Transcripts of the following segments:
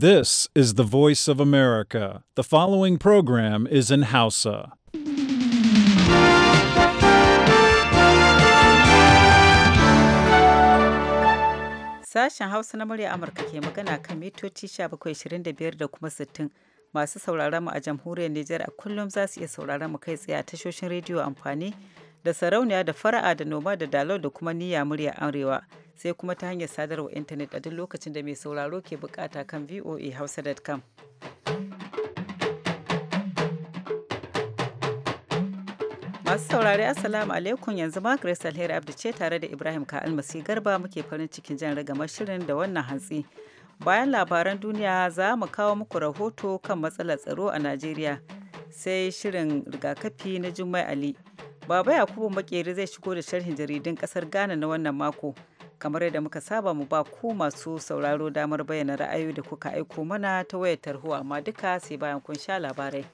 This is the voice of America. The following program is in Hausa. Sashen Hausa na murya Amurka ke magana kan mitoci 1725 da kuma 60 masu sauraron mu a jamhuriyar Nijar a kullum za su iya sauraron mu kai tsaye a tashoshin rediyo amfani da sarauniya da fara'a da noma da dalar da kuma niyya murya arewa sai kuma ta hanyar sadarwa intanet a duk lokacin da mai sauraro ke bukata kan voa hausa.com masu saurari assalamu alaikum yanzu ma alheri abdu ce tare da ibrahim ka almasi garba muke farin cikin jan ragamar shirin da wannan hantsi bayan labaran duniya za mu kawo muku rahoto kan matsalar tsaro a najeriya sai shirin rigakafi na jummai ali Baba Yakubu Makeri zai shigo da sharhin jaridun kasar Ghana na wannan mako. Kamar yadda muka saba mu ba ku masu sauraro damar bayyana ra'ayoyi da kuka aiko mana ta wayar tarho amma duka sai bayan kun sha labarai.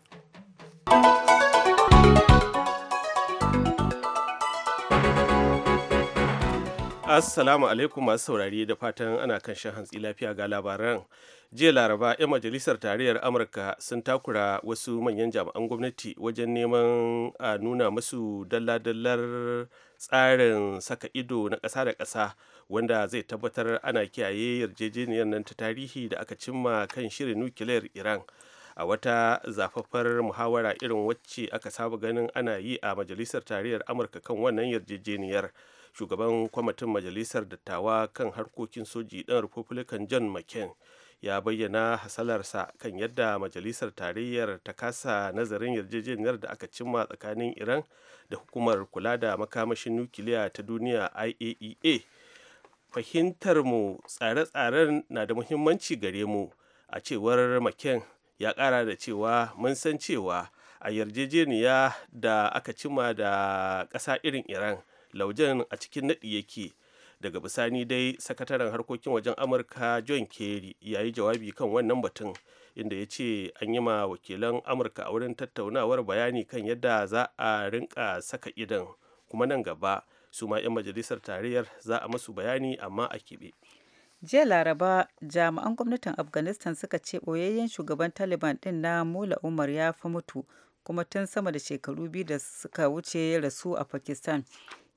Assalamu alaikum masu saurari da fatan ana kan shan hantsi lafiya ga labaran. Jiya Laraba 'yan majalisar tarayyar Amurka sun takura wasu manyan jami'an gwamnati wajen neman a nuna masu dalla tsarin saka ido na ƙasa da ƙasa wanda zai tabbatar ana kiyaye yarjejeniyar nan ta tarihi da aka cimma kan shirin nukiliyar Iran. a wata zafafar muhawara irin wacce aka saba ganin ana yi a majalisar tarayyar amurka kan wannan yarjejeniyar shugaban kwamitin majalisar dattawa kan harkokin soji ɗan republican john mccain ya bayyana hasalarsa kan yadda majalisar tarayyar ta kasa nazarin yarjejeniyar da aka cimma tsakanin iran da hukumar kula da makamashin nukiliya ta duniya iaea e fahimtar mu tsare-tsaren na da muhimmanci gare mu a cewar maken ya kara da cewa mun san cewa a yarjejeniya da aka cima da ƙasa irin iran laujen a cikin naɗi yake daga bisani dai sakataren harkokin wajen amurka john kerry ya yi jawabi kan wannan batun inda ya ce an yi ma wakilan amurka a wurin tattaunawar bayani kan yadda za a rinka saka idan kuma nan gaba su ma 'yan majalisar tarayyar za a masu bayani amma a keɓe. jiya laraba jami'an gwamnatin afghanistan suka ce ɓoyayyen shugaban taliban ɗin na mula umar ya fa mutu kuma tun sama da shekaru biyu da suka wuce ya rasu a pakistan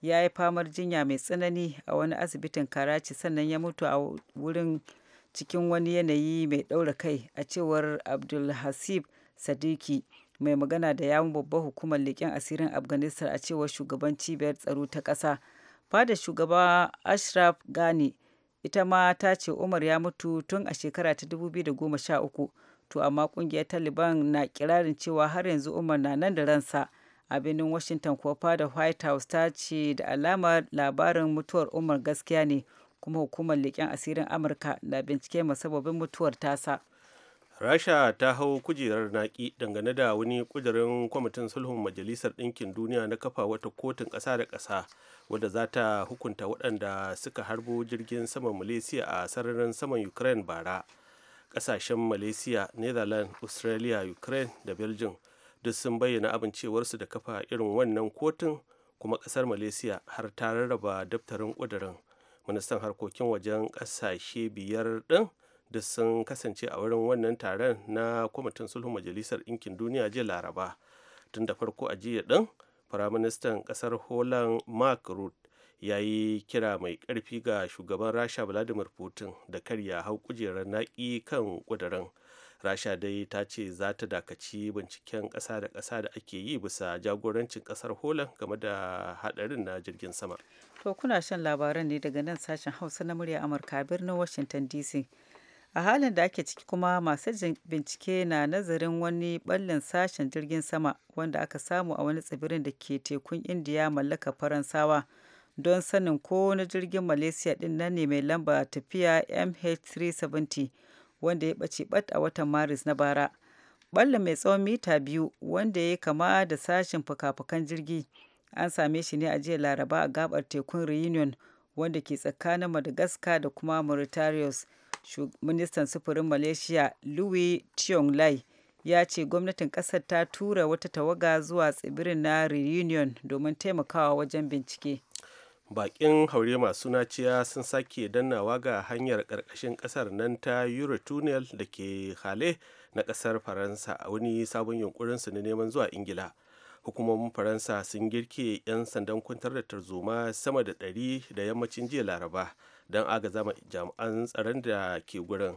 ya yi famar jinya mai tsanani a wani asibitin karachi sannan ya mutu a wurin cikin wani yanayi mai ɗaura kai a cewar abdulhasib sadiki mai magana da yawun babbar hukumar leƙen asirin afghanistan a cewar shugaban cibiyar tsaro ta ƙasa fada shugaba ashraf ghani ita ma ta ce umar ya mutu tun a shekara ta 2013 to amma ƙungiyar taliban na kirarin cewa har yanzu umar na nan da ransa a birnin washington kuwa fada white house ta ce da alamar labarin mutuwar umar gaskiya ne kuma hukumar leƙen asirin amurka na bincike masababin mutuwar tasa rasha ta hau kujerar naki dangane da wani kudirin kwamitin sulhun majalisar ɗinkin duniya na kafa wata kotun ƙasa da ƙasa wadda za ta hukunta waɗanda suka harbo jirgin saman malaysia a sararin saman ukraine bara ƙasashen malaysia netherlands australia ukraine da belgium duk sun bayyana abincewarsu da kafa irin wannan kotun kuma kasar malaysia har ta rarraba daftarin ƙudurin ministan harkokin wajen ƙasashe biyar ɗin duk sun kasance a wurin wannan taron na kwamitin sulhun majalisar ɗinkin duniya jiya laraba tun da farko a jiya ɗin firaministan ƙasar holland mark root ya yi kira mai karfi ga shugaban rasha vladimir putin da karya hau kujerar naƙi kan ƙudurin rasha dai ta ce za ta dakaci binciken ƙasa da ƙasa da ake yi bisa jagorancin ƙasar holan game da haɗarin na jirgin sama to kuna shan labaran ne daga nan sashen hausa na murya amurka a birnin washington dc a halin da ake ciki kuma masu bincike na nazarin wani ballin sashen jirgin sama wanda aka samu a wani tsibirin da ke tekun indiya mallaka faransawa don sanin ko na jirgin malaysia din nan ne mai lamba tafiya mh370 wanda ya ɓace ɓat a watan maris na bara balla mai tsawon mita biyu wanda ya kama da sashen fuka jirgi an same shi ne a jiya laraba a gabar tekun reunion wanda ke tsakanin madagascar da kuma mauritarius ministan sufurin malaysia louis chiong lai ya ce gwamnatin kasar ta tura wata tawaga zuwa tsibirin na reunion domin taimakawa wajen bincike bakin haure masu naciya sun sake dannawa ga hanyar karkashin kasar nan ta eurotunnel da ke hale na kasar faransa a wani sabon su na neman zuwa ingila hukumomin faransa sun girke 'yan sandan kwantar da tarzoma sama da 100 da yammacin jiya laraba don agaza jami'an tsaron da ke gurin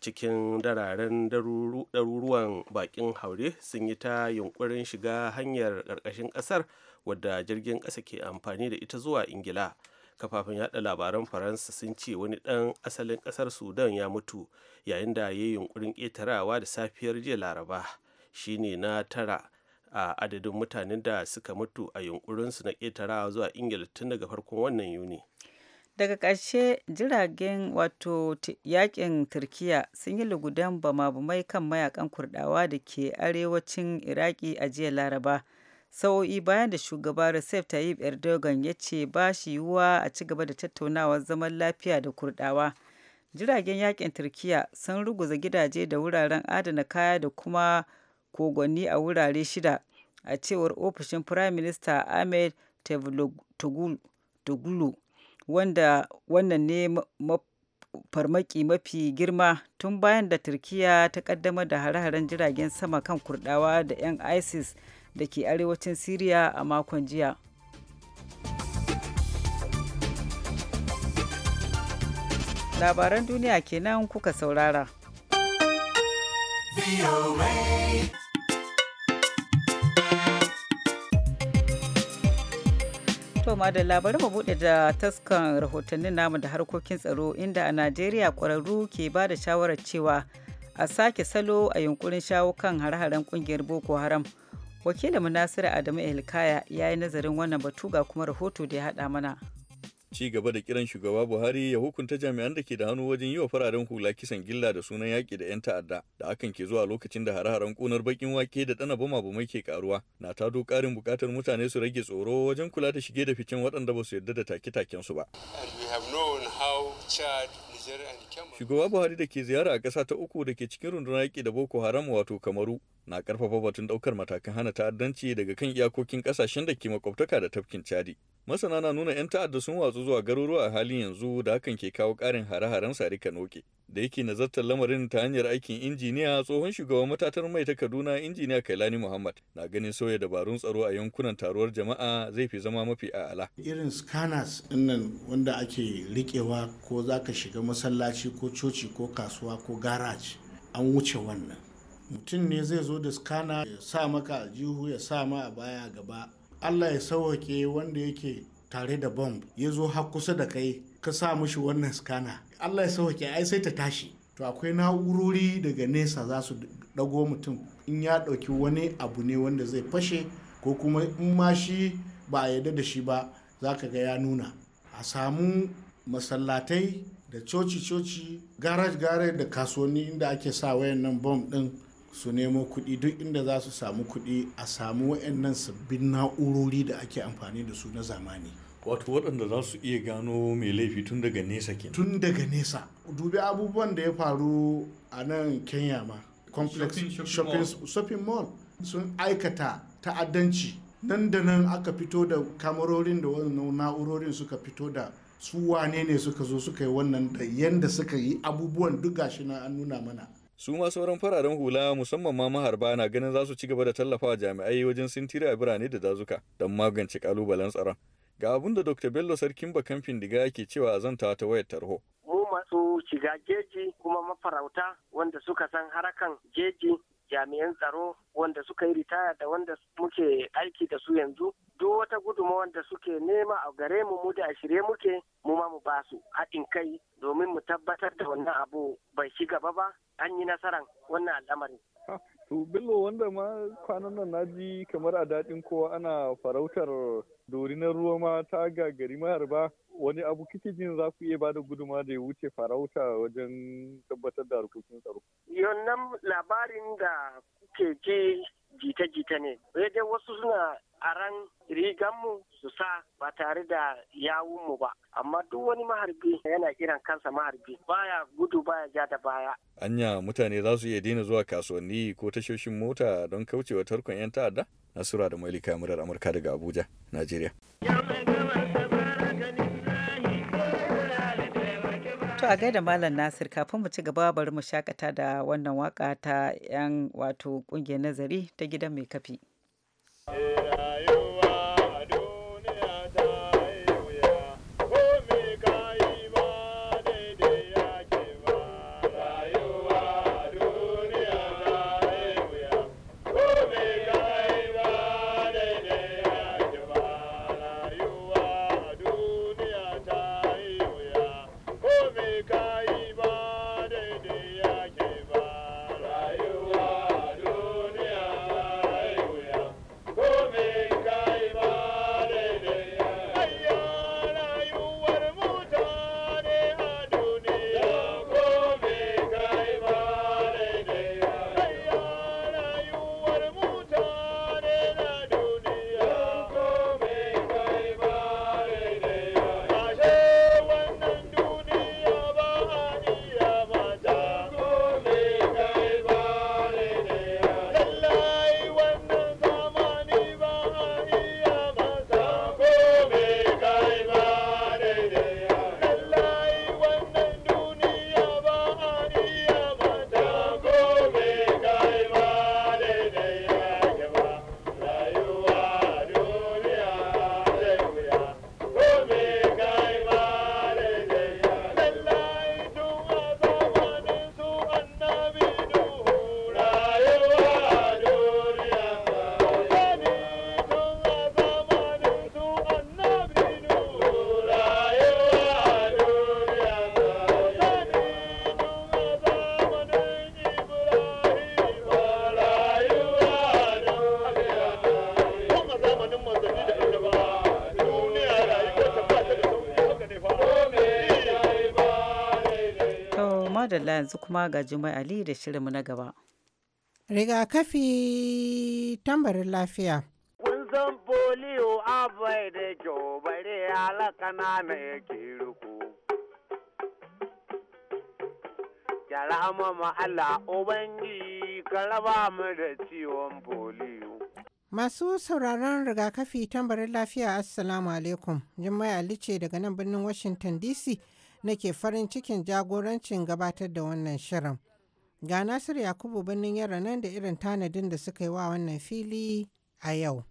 cikin dararen daruruwan bakin haure sun yi ta yunkurin shiga hanyar karkashin kasar. wadda jirgin ƙasa ke amfani da ita zuwa ingila kafafen yada labaran faransa sun ce wani ɗan asalin ƙasar sudan ya mutu yayin da ya yi yunkurin ƙetarawa da safiyar jiya laraba shine na tara a adadin mutanen da suka mutu a yunkurinsu na ƙetarawa zuwa ingila tun daga farkon wannan yuni daga ƙarshe jiragen wato yakin turkiya sun yi lugudan bama kan mayakan kurdawa da ke arewacin iraki a jiya laraba sa'o'i bayan da shugaba recep tayyip erdogan ya ce ba shi yiwuwa a ci gaba da tattaunawar zaman lafiya da kurdawa jiragen yakin turkiya sun ruguza gidaje da wuraren adana kaya da kuma kogwanni a wurare shida a cewar ofishin prime minister ahmed tevloglu wanda wannan ne farmaki mafi girma tun bayan da turkiya ta kaddamar da hare-haren jiragen sama kan kurdawa da 'yan isis da ke arewacin Siriya a makon jiya. Labaran duniya kenan kuka saurara. Toma da labarin mu bude da taskan rahotannin namu da harkokin tsaro inda a Najeriya ƙwararru ke ba da shawarar cewa a sake salo a yunkurin shawo kan hare-haren ƙungiyar Boko Haram. wakilin munasir adamu elkaya ya yi nazarin wannan batu ga kuma rahoto da ya haɗa mana ci gaba da kiran shugaba buhari ya hukunta jami'an da ke da hannu wajen yi wa fararen hula kisan gilla da sunan yaƙi da 'yan ta'adda da akan ke zuwa lokacin da hare-haren ƙunar bakin wake da ɗana bama bumai ke karuwa na tado ƙarin buƙatar mutane su rage tsoro wajen kula da shige da ficen waɗanda ba su yarda da take-taken su ba. Shugaba Buhari da ke ziyara a ƙasa ta uku da ke cikin rundunar yaƙi da Boko Haram wato Kamaru na ƙarfafa batun ɗaukar matakan hana ta'addanci daga kan iyakokin ƙasashen da ke makwabtaka da tafkin Chadi. Masana na nuna 'yan ta'adda sun watsu zuwa garuruwa a halin yanzu da hakan ke kawo ƙarin hare-haren sari Kanoke. Da yake nazartar lamarin ta hanyar aikin injiniya tsohon shugaban matatar mai ta Kaduna injiniya Kailani Muhammad na ganin sauya dabarun tsaro a yankunan taruwar jama'a zai fi zama mafi a'ala. Irin scanners dinnan wanda ake riƙewa ko zaka shiga masallaci ko coci ko kasuwa ko garaj an wuce wannan mutum ne zai zo da skana ya sa maka aljihu ya sa ma a baya gaba allah ya sauwake wanda yake tare da bomb ya zo har kusa da kai ka sa mushi wannan skana allah ya sauwake ai sai ta tashi to akwai na'urori daga nesa za su dago mutum in ya ɗauki wani abu ne wanda zai fashe ko kuma in ma shi ba a yarda da shi ba za ka ga ya nuna a samu masallatai da coci-coci garage-garage da kasuwanni inda ake sa wayannan bom din su nemo kuɗi duk inda za su samu kuɗi a samu wayannan sabbin na'urori da ake amfani da su na zamani wato waɗanda za su iya gano mai laifi tun daga nesa kenan tun daga nesa dubi abubuwan da ya faru a nan kenya ma complex shopping mall sun aikata ta'addanci nan da nan aka fito da kamarorin da wannan na'urorin suka fito da su wane ne suka zo suka yi wannan da yadda suka yi abubuwan duk gashi na an nuna mana su ma sauran fararen hula musamman ma maharba na ganin za su ci gaba da tallafawa jami'ai wajen sintiri a birane da dazuka don magance kalubalen tsaron ga abin da dr bello sarkin bakan findiga ke cewa a zanta ta wayar tarho mu masu shiga jeji kuma mafarauta wanda suka san harakan jeji jami'an tsaro wanda suka yi ritaya da wanda muke aiki da su yanzu duk wata guduma wanda suke nema a gare mu mu da ashirye muke mu ma mu ba su haɗin kai domin mu tabbatar da wannan abu bai shiga gaba ba an yi nasaran wannan al'amarin. To Bello wanda ma kwanan nan na ji kamar a daɗin kowa ana farautar dorinar ruwa ma ta gagari ba wani abu kike jin za ku iya ba da guduma da ya wuce farauta wajen tabbatar da harkokin tsaro. Yannan labarin da kuke ji jita-jita ne dai wasu suna aran riganmu su sa ba tare da yawunmu ba amma duk wani maharbi yana kiran kansa maharbi baya gudu baya ja da baya anya mutane za su iya daina zuwa kasuwanni ko tashoshin mota don kaucewa tarkon 'yan ta'adda nasura da mailika murar amurka daga abuja najeriya a gaida Malam Nasir kafin mu ci gaba bari mu shakata da wannan waka ta 'yan wato kungiyar nazari ta gidan mai kafi. Yeah. madalla yanzu kuma ga Jummai Ali da shirinmu na gaba. Rigakafi tambarin lafiya. Kunzan polio abai da jobare alaka na yake ruku. Yara mama Allah Ubangi karaba mu da ciwon polio. Masu sauraron rigakafi tambarin lafiya Assalamu alaikum. Jummai Ali ce daga nan birnin Washington DC. nake farin cikin jagorancin gabatar da wannan shirin. Ga Nasir Yakubu birnin yara nan da irin tanadin da suka yi wa wannan fili a yau.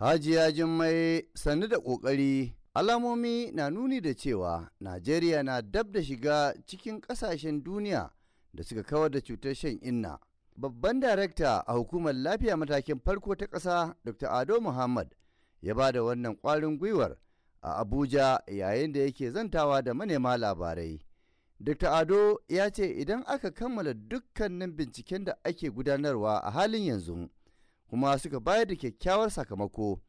Hajiya Jummai sannu da kokari alamomi na nuni da cewa Najeriya na dab da shiga cikin kasashen duniya da suka kawar da cutar shan inna. Babban darakta a hukumar lafiya matakin farko ta ƙasa Dr. Ado Muhammad ya ba da wannan kwarin gwiwar a Abuja yayin da yake zantawa da manema labarai. Dr. Ado ya ce idan aka kammala dukkanin binciken da ake gudanarwa a halin yanzu kuma suka bayar da kyakkyawar sakamako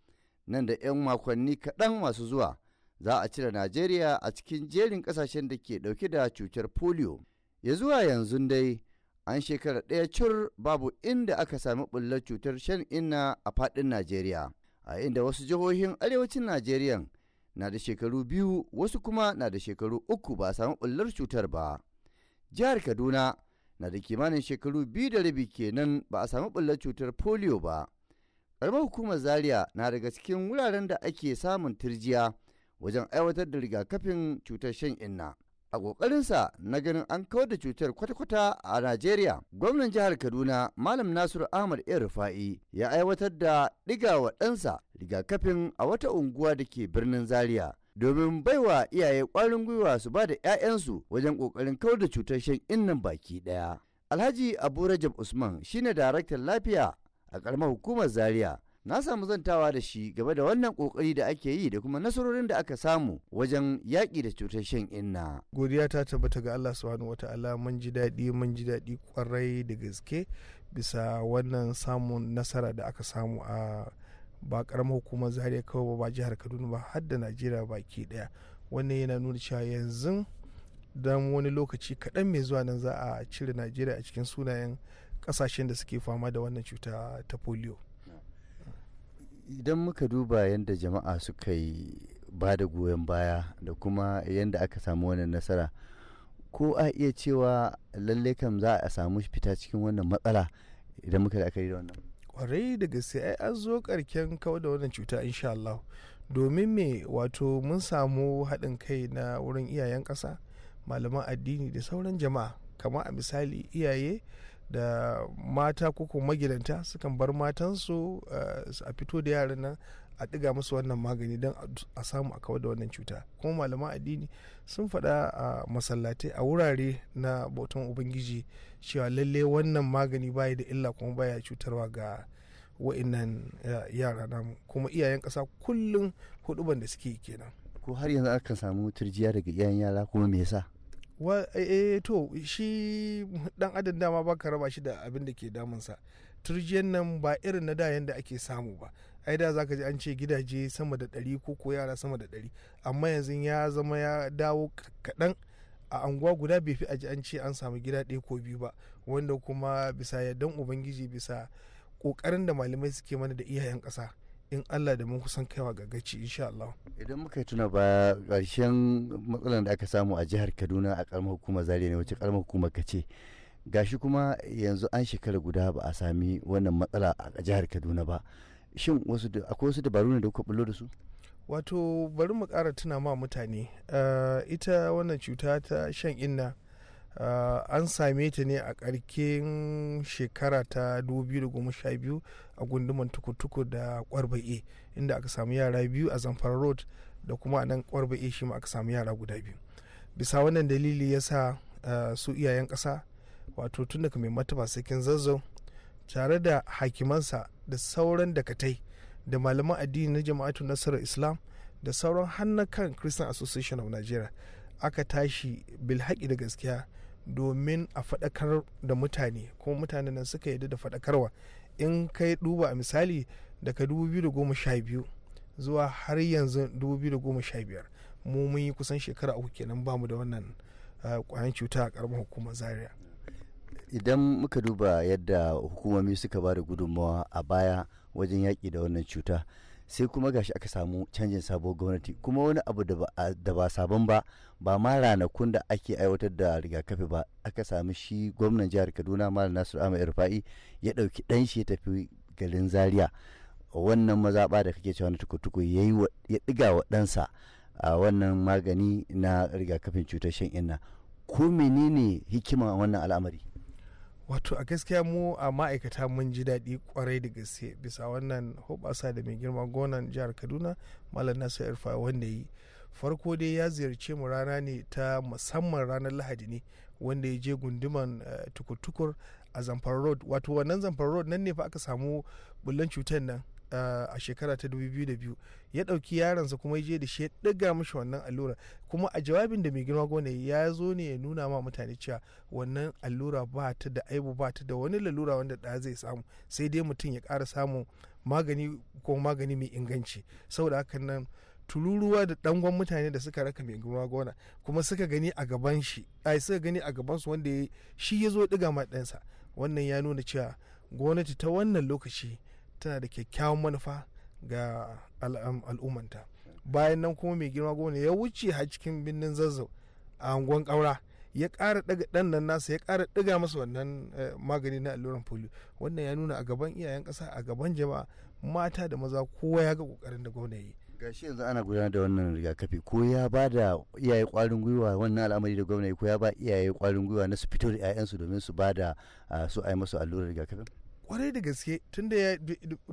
nan da 'yan makonni kaɗan masu zuwa za a cire Najeriya a cikin jerin ƙasashen da ke ɗauke da cutar polio. Ya zuwa yanzu dai an shekara ɗaya cur babu inda aka sami bullar cutar shan inna a faɗin Najeriya. A inda wasu jihohin arewacin Najeriya na da shekaru biyu wasu kuma na da shekaru uku ba samu ɓullar cutar ba jihar kaduna na da kimanin shekaru biyu da rabi kenan ba a samu ɓullar cutar polio ba ƙaramar hukumar zaria na daga cikin wuraren da ake samun turjiya wajen aiwatar da rigakafin cutar shan inna a ƙoƙarinsa na ganin an kawar da cutar kwata-kwata a Najeriya. Gwamnan jihar Kaduna Malam Nasiru Ahmad Iyar Rufa'i ya aiwatar da ɗigawa ɗansa rigakafin a wata unguwa da ke birnin Zaria. Domin baiwa iyaye ƙwarin gwiwa su ba da 'ya'yansu wajen ƙoƙarin kawar da cutar shan innan baki ɗaya. Alhaji Abu Rajab Usman shine daraktan lafiya a ƙaramar hukumar Zaria. na samu zantawa da shi game da wannan kokari da ake yi da kuma nasarorin da aka samu wajen yaƙi da cutar shan inna godiya ta tabbata ga Allah subhanahu wataala mun ji daɗi mun ji daɗi kwarai da gaske bisa wannan samun nasara da aka samu a ba karamar hukumar zaria kawai ba ba jihar kaduna ba har da najeriya baki daya wannan yana nuna cewa yanzu dan wani lokaci kaɗan mai zuwa nan za a cire najeriya a cikin sunayen ƙasashen da suke fama da wannan cuta ta polio idan muka duba yadda jama'a suka yi ba da goyon baya da kuma yadda aka samu wannan nasara ko a iya cewa lalle kan za a samu fita cikin wannan matsala idan muka da da wannan kwarai da gaske ai an zo karken kawar da wannan cuta insha Allah domin me wato mun samu haɗin kai na wurin iyayen ƙasa malaman addini da sauran jama'a kamar a misali iyaye da mata koko magidanta sukan bar matansu eh, a fito da yaran nan a ɗiga musu wannan magani don a samu a kawar da wannan cuta kuma malaman addini sun faɗa a masallatai a wurare na bautan ubangiji cewa lalle wannan magani baya da illa kuma baya cutarwa ga wa'innan eh, yara namu kuma iyayen kasa kullum huduban da suke kenan ko har yanzu aka samu turjiya daga iyayen yara kuma me yasa Eh, eh, to shi dan adam dama baka raba shi da abin da ke damunsa turjiyan nan ba irin na da ake samu ba ai da zaka ji an ce gidaje sama da ɗari ko ko yara sama da ɗari amma yanzu ya zama ya dawo kaɗan a anguwa guda bai fi aji an ce an samu gida ɗaya ko biyu ba wanda kuma bisa yardan ubangiji bisa ƙoƙarin da malamai suke mana da iyayen ƙasa in Allah da mun kusan kaiwa ga gaci insha Allah idan muka tuna ba karshen matsalar da aka samu a jihar Kaduna a karamar hukumar Zaria ne wacce karamar hukumar kace gashi kuma yanzu an shekara guda ba a sami wannan matsala a jihar Kaduna ba shin wasu akwai wasu dabaru ne da kuka bullo da su wato bari mu ƙara tuna ma mutane eh, ita wannan cuta ta shan inna Uh, an same ta ne a ƙarƙin shekara ta 2012 a gunduman tukutuku da kwarbaye inda aka samu yara biyu a zamfara road da kuma a nan kwarbaye shi ma aka samu yara guda biyu bisa wannan dalili ya sa uh, su iyayen ƙasa wato tun daga mai mataba sakin zazzau tare da hakimansa da sauran dakatai da malaman addini na jama'atu nasarar islam da sauran hannakan christian association of nigeria aka tashi bilhaki da gaskiya domin a faɗakar da mutane kuma mutane nan suka yadda da faɗakarwa in kai duba a misali daga 2012 zuwa har yanzu 2015 mu mun yi kusan shekara uku kenan bamu da wannan kwayan eh, cuta a karamar hukumar zaria idan muka duba yadda hukumomi suka ba da gudunmawa a baya wajen yaƙi da wannan cuta sai kuma gashi aka samu canjin sabuwar gwamnati kuma wani abu da ba sabon ba ba ma ranakun da ake aiwatar da rigakafi ba aka sami shi gwamnan jihar kaduna malam nasiru ahmed rufa'i ya ɗauki ɗan shi ya tafi garin zaria wannan mazaɓa da kake cewa na tukutuku ya ɗiga wa ɗansa a wannan magani na rigakafin cutar shan inna ko menene hikima wannan al'amari wato a gaskiya mu a ma'aikata mun ji daɗi kwarai da gaske bisa wannan hoɓasa da mai girma gonan jihar kaduna malam nasu irfa wanda yi farko dai ya ziyarce mu rana ne ta musamman ranar lahadi ne wanda ya je gunduman eh, tukur a zamfara road wato wannan zamfara road nan ne fa aka samu bullan cutar nan a shekara ta 2002 ya ɗauki yaransa kuma ya je da shi ya ɗiga mashi wannan allura kuma a jawabin da mai girma gona ya zo ne ya nuna ma mutane cewa wannan allura ba ta da aibu ba ta da wani lalura wanda da zai samu sai dai mutum ya ƙara samun magani ko magani mai inganci saboda haka nan tururuwa da dangon mutane da suka raka mai girma gona kuma suka gani a gaban shi ai suka gani a su wanda shi ya zo ɗiga ma ɗansa wannan ya nuna cewa gwamnati ta wannan lokaci tana da kyakkyawan manufa ga al'ummanta bayan nan kuma mai girma gwamna ya wuce har cikin birnin zazzau a angon ƙaura ya ƙara ɗaga ɗan nan nasa ya kara daga masa wannan eh, magani na alluran polio wannan ya nuna a gaban iyayen kasa a gaban jama'a mata da maza kowa ya ga ƙoƙarin da gwamna yi gashi yanzu ana gudanar da wannan rigakafi ko ya ba da iyaye kwarin gwiwa wannan al'amari da gwamnati ko ya ba iyaye kwarin gwiwa na su fito da 'ya'yansu domin su ba da ah, su a yi masu allurar rigakafin kwarai da gaske tun da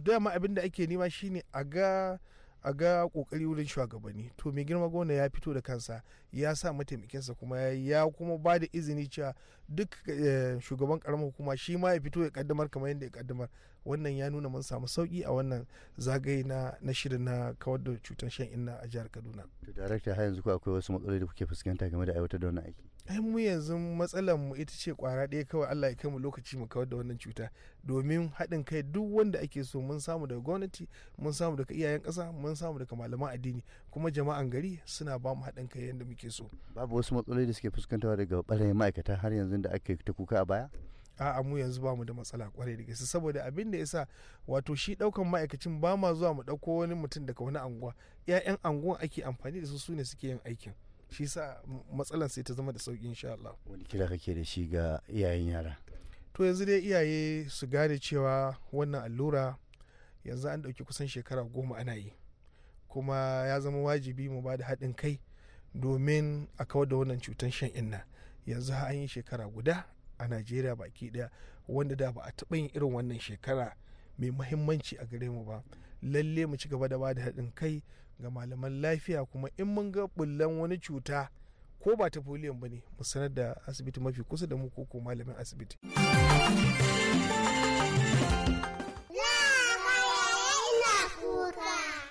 dama abin da ake nema shine a ga a ga kokari wurin shugabanni to mai girma gona ya fito da kansa ya sa mataimakinsa kuma ya kuma ba da izini cewa duk eh, shugaban karamar hukuma shi ma ya fito ya kaddamar kamar yadda ya kaddamar wannan ya nuna mun samu sauki a wannan zagaye na shirin na kawar da cutar shan inna a jihar kaduna to director har yanzu ko akwai wasu matsaloli da kuke fuskanta game da aiwatar da wannan aiki ai mu yanzu matsalar mu ita ce kwara ɗaya kawai Allah ya kai mu lokaci mu kawar da wannan cuta domin haɗin kai duk wanda ake so mun samu daga gwamnati mun samu daga iyayen ƙasa mun samu daga malaman addini kuma jama'an gari suna ba mu haɗin kai yadda muke so babu wasu matsaloli da suke fuskantawa daga ɓarayin ma'aikata har yanzu da ake ta kuka a baya a'a mu yanzu ba mu da matsala kwarai da gaske saboda abin da yasa wato shi daukan ma'aikacin ba ma zuwa mu dauko wani mutum daga wani anguwa 'ya'yan anguwan ake amfani da su sune suke yin aikin shi sa matsalar sai ta zama da sauƙi insha Allah wani kira kake da shi ga iyayen yara to yanzu dai iyaye su gane cewa wannan allura yanzu an ɗauki kusan shekara goma ana yi kuma ya zama wajibi mu ba da haɗin kai domin a kawar da wannan cutar shan inna yanzu an yi shekara guda a najeriya baki ɗaya wanda da ba a taɓa yin irin wannan shekara mai mahimmanci a gare mu ba lalle mu ci gaba da ba da haɗin kai ga malaman lafiya kuma in mun ga bullan wani cuta ko ba ta foliyon ba ne mu sanar da asibiti mafi kusa da mu ko ko malamin asibiti.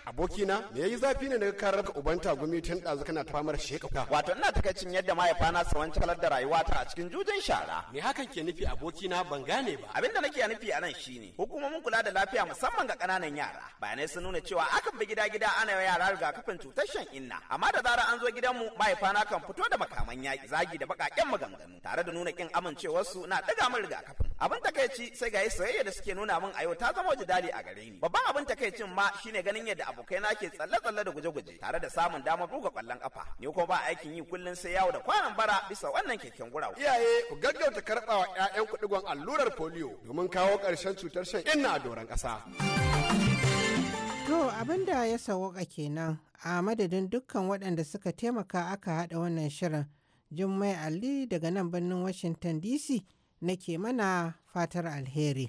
abokina me yayi zafi ne daga karar ka uban tagumi tun ɗazu kana ta famar sheka wato ina takaicin yadda mahaifana wancan wancalar da ta a cikin jujin shara me hakan ke nufi abokina ban gane ba abinda nake nufi anan nan shine hukumomin kula da lafiya musamman ga ƙananan yara bayanai sun nuna cewa akan bi gida-gida ana yi yara rigakafin cutar shan inna amma da zarar an zo gidanmu mahaifana kan fito da makaman yaƙi zagi da baƙaƙen maganganu tare da nuna ƙin amincewarsu na ɗaga min rigakafin abin takaici sai ga soyayya da suke nuna min a yau ta zama waje dali a gare ni babban abin takaicin ma shine ganin yadda abokai na ke tsalle tsalle da guje guje tare da samun damar buga kwallon kafa ni ko ba aikin yi kullun sai yawo da kwanan bara bisa wannan keken gurawa iyaye ku gaggauta karbawa ƴaƴan kudigon allurar polio domin kawo ƙarshen cutar shan inna a doron ƙasa To abin da ya sawaka kenan a madadin dukkan waɗanda suka taimaka aka haɗa wannan shirin Jummai Ali daga nan birnin Washington DC nake mana fatar alheri.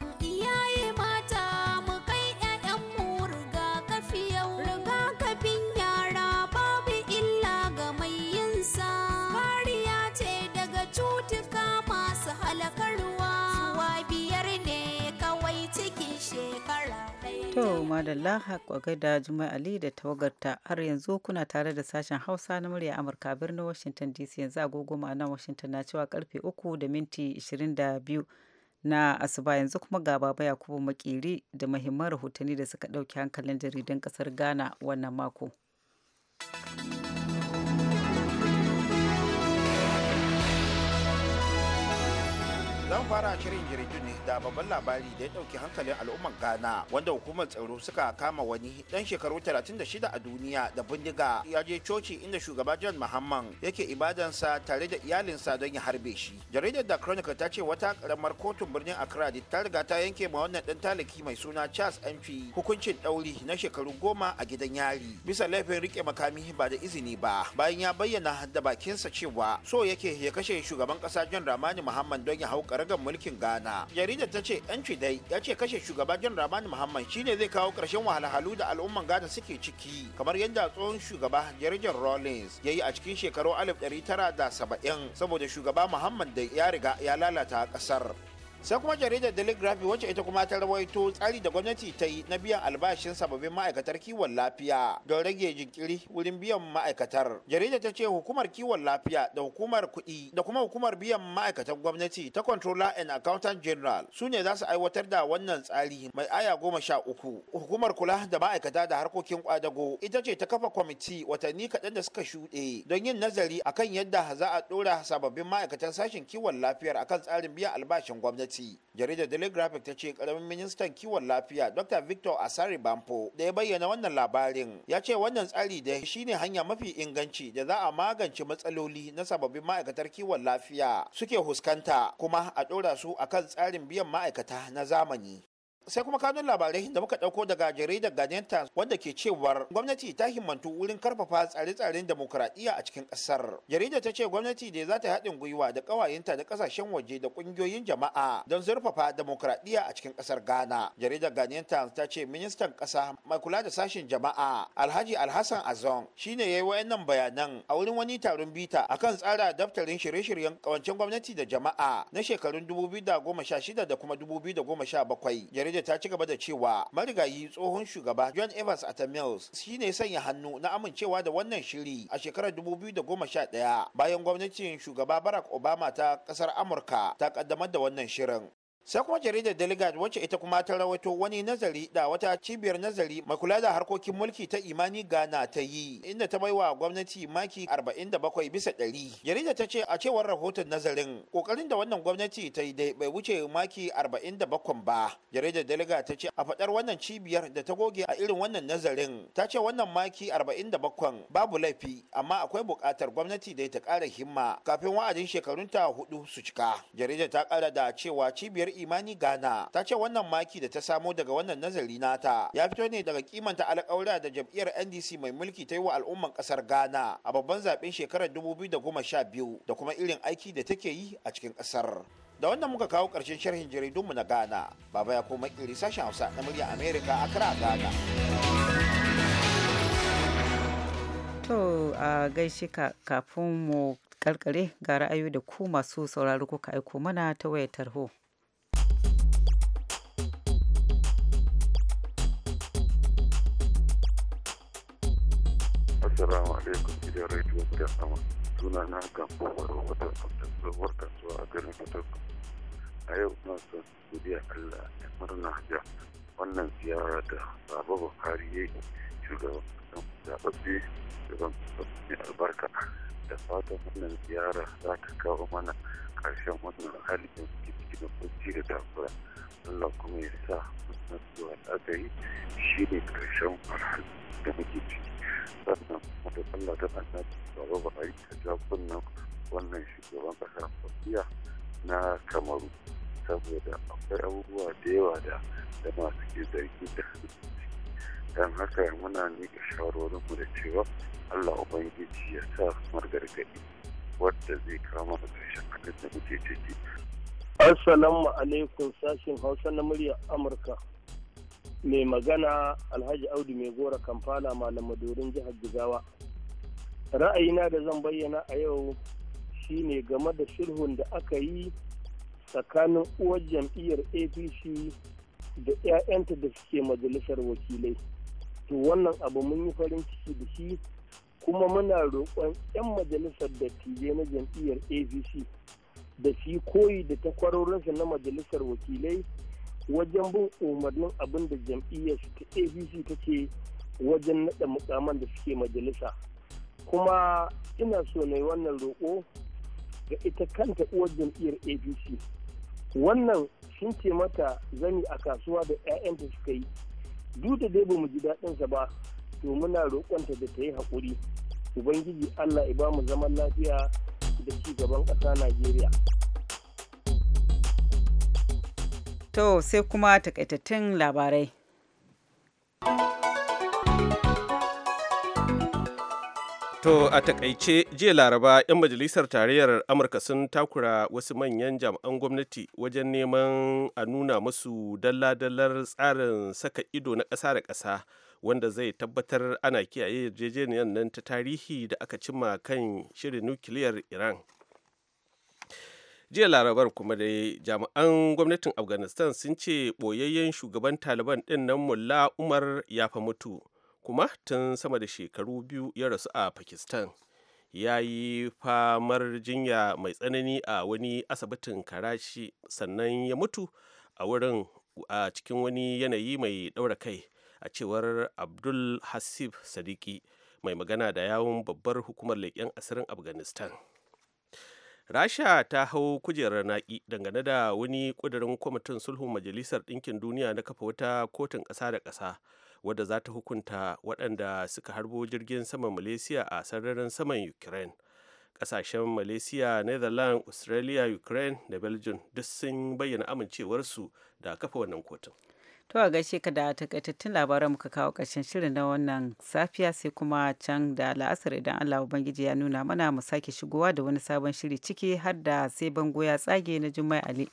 To madalla haƙwaga da Juma'a Ali da tawagarta har yanzu kuna tare da sashen Hausa na murya Amurka birnin Washington DC yanzu agogo ma'ana Washington na cewa karfe 3 da minti 22 na asuba yanzu kuma ga baba Yakubu Makiri da muhimman rahotanni da suka ɗauki hankalin jaridan ƙasar Ghana wannan mako. zan fara shirin jirgin ne da babban labari da ya ɗauki hankalin al'ummar ghana wanda hukumar tsaro suka kama wani dan shekaru 36 a duniya da bindiga ya je coci inda shugaba john mahamman yake ibadansa tare da iyalinsa don ya harbe shi jaridar da chronicle ta ce wata karamar kotun birnin accra ta riga ta yanke ma wannan dan talaki mai suna charles mp hukuncin dauri na shekaru goma a gidan yari bisa laifin rike makami ba da izini ba bayan ya bayyana da bakinsa cewa so yake ya kashe shugaban kasa john ramani mahamman don ya hau karagar mulkin Ghana. Jaridar ta ce yan dai ya ce kashe shugaba jan Ramani Muhammad shine zai kawo ƙarshen wahalhalu da al'umman Ghana suke ciki kamar yadda tsohon shugaba Jaridar Rawlings ya yi a cikin shekaru 1970 saboda shugaba Muhammad da ya riga ya lalata ƙasar. sai kuma jaridar telegraphy wacce ita kuma ta rawaito tsari da gwamnati ta yi na biyan albashin sababbin ma'aikatar kiwon lafiya don rage jinkiri wurin biyan ma'aikatar jaridar ta ce hukumar kiwon lafiya da hukumar kuɗi da kuma hukumar biyan ma'aikatar gwamnati ta controller and accountant general su ne za su aiwatar da wannan tsari mai aya goma sha uku hukumar kula da ma'aikata da harkokin kwadago ita ce ta kafa kwamiti watanni kaɗan da suka shuɗe don yin nazari akan yadda za a ɗora sababbin ma'aikatan sashen kiwon lafiyar akan tsarin biyan albashin gwamnati gwamnati jaridar daily graphic ta ce karamin ministan kiwon lafiya dr victor asari bampo da ya bayyana wannan labarin ya ce wannan tsari da shine hanya mafi inganci da za a magance matsaloli na sababbin ma'aikatar kiwon lafiya suke huskanta kuma a ɗora su akan tsarin biyan ma'aikata na zamani sai kuma kanun labarai da muka dauko daga jaridar Guardian Times wanda ke cewar gwamnati ta himmantu wurin karfafa tsare-tsaren demokuraɗiyya a cikin ƙasar. Jaridar ta ce gwamnati da za ta haɗin gwiwa da ƙawayenta da ƙasashen waje da ƙungiyoyin jama'a don zurfafa demokuraɗiyya a cikin ƙasar Ghana. Jaridar Guardian Times ta ce ministan ƙasa mai kula da sashen jama'a Alhaji Alhassan Azon shine yi wayannan bayanan a wurin wani taron bita akan tsara daftarin shirye-shiryen kawancen gwamnati da jama'a na shekarun 2016 da kuma 2017. jarida ta ci gaba da cewa marigayi tsohon shugaba John Evans Atta Mills shine sanya hannu na amincewa da wannan shiri a shekarar 2011 bayan gwamnatin shugaba Barack Obama ta kasar Amurka ta kaddamar da wannan shirin. sai kuma jaridar delegate wacce ita kuma ta rawaito wani nazari da wata cibiyar nazari mai kula da harkokin mulki ta imani Gana ta yi inda ta baiwa gwamnati maki 47 bisa 100 jaridar ta ce a cewar rahoton nazarin kokarin da wannan gwamnati ta yi dai bai wuce maki 47 ba jaridar delegate ta ce a fadar wannan cibiyar da ta goge a irin wannan nazarin ta ce wannan maki 47 babu laifi amma akwai buƙatar gwamnati da ta ƙara himma kafin wa'adin shekarun ta hudu su cika jaridar ta ƙara da cewa cibiyar imani ghana ta ce wannan maki da ta samo daga wannan nazari nata ya fito ne daga kimanta alƙawura da jam'iyyar ndc mai mulki ta yi wa al'umman kasar ghana a babban zaɓen shekarar 2012 da kuma irin aiki da take yi a cikin kasar da wannan muka kawo ƙarshen sharhin jaridunmu na ghana baba ya koma iri sashen hausa na murya america kira ghana to a gaishe kafin mu karkare ga ra'ayoyi da ku masu sauraro kuka aiko mana ta wayar tarho Assalamu alaikum gidan radio gidan sama. Suna na gambo waro wata tsohuwar kasuwa a garin Fatakwa. A yau na son gudiya Allah ya murna da wannan ziyara da Baba bukari ya yi shugaban kasan zaɓaɓɓe shugaban mai albarka. Da fatan wannan ziyara za ta kawo mana ƙarshen wannan hali da muke ciki da kunci da takura. Allah kuma ya sa wannan zuwa ta yi shi ne ƙarshen farhal da muke ciki. sannan wata sallah ta annabi a buhari ta ja kunnen wannan shugaban ƙasar turkiya na kamaru saboda akwai abubuwa da yawa da jama'a suke zargi da don haka muna miƙa shawarorinmu da cewa allah ubangiji ya sa margargaɗi wadda zai kama da ƙarshen hakan da muke ciki assalamu alaikum sashin hausa na murya amurka mai magana alhaji audu mai gora kamfana malam madorin jihar jigawa ra'ayina da zan bayyana a yau shine game da sulhun da aka yi tsakanin uwar jam'iyyar apc da 'ya'yanta da suke majalisar wakilai to wannan abu mun yi farin ciki da shi kuma muna roƙon 'yan majalisar dattijai na jam'iyyar apc da shi koyi da takwarorinsa na majalisar wakilai wajen bin umarnin abin da jam'iyyar ta abc ta ce wajen naɗa mukaman da suke majalisa kuma ina so na wannan roƙo ga ita kanta uwar jam'iyyar abc wannan sun ce mata zani a kasuwa da 'ya'yanta suka yi duk da dai ba mu ji daɗinsa ba to muna roƙonta da ta yi haƙuri ubangiji allah ya bamu zaman lafiya da ci gaban ƙasa najeriya To sai kuma takaitattun labarai. To a takaice jiya laraba 'yan majalisar tarayyar Amurka sun takura wasu manyan jami'an gwamnati wajen neman a nuna masu dalla-dallar tsarin saka ido na ƙasa da ƙasa wanda zai tabbatar ana kiyaye yarjejeniyar nan ta tarihi da aka cimma kan shirin nukiliyar Iran. jiya larabar kuma da jami'an gwamnatin afghanistan sun ce ɓoyayyen shugaban taliban din nan mulla umar ya fa mutu kuma tun sama da shekaru biyu ya rasu a pakistan ya yi famar jinya mai tsanani a wani asibitin karashi sannan ya mutu a wurin a cikin wani yanayi mai ɗaura kai a cewar abdul hasib sadiki mai magana da yawun babbar hukumar leƙen asirin afghanistan rasha ta hau kujerar naƙi dangane da wani kudirin kwamitin sulhun majalisar ɗinkin duniya na kafa wata kotun ƙasa da ƙasa wadda za ta hukunta waɗanda suka harbo jirgin saman malaysia a sararin saman ukraine ƙasashen malaysia netherlands australia ukraine da belgium duk sun bayyana amincewarsu da kafa wannan kotun To a gaishe ka da takaitattun labaran muka kawo ƙarshen shirin na wannan safiya sai kuma can da la'asar idan Allah Ubangiji ya nuna mana mu sake shigowa da wani sabon shiri ciki har da sai bango ya tsage na Jummai Ali.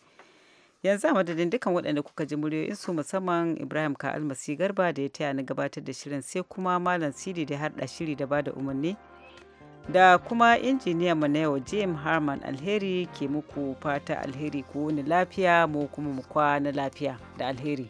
Yanzu a madadin dukkan waɗanda kuka ji muryoyin su musamman Ibrahim Ka Almasi Garba da ya taya ni gabatar da shirin sai kuma Malam Sidi da harɗa shiri da bada umarni. Da kuma injiniya mu na yau Jim Harman Alheri ke muku fata alheri ko wani lafiya mu kuma mu kwana lafiya da alheri.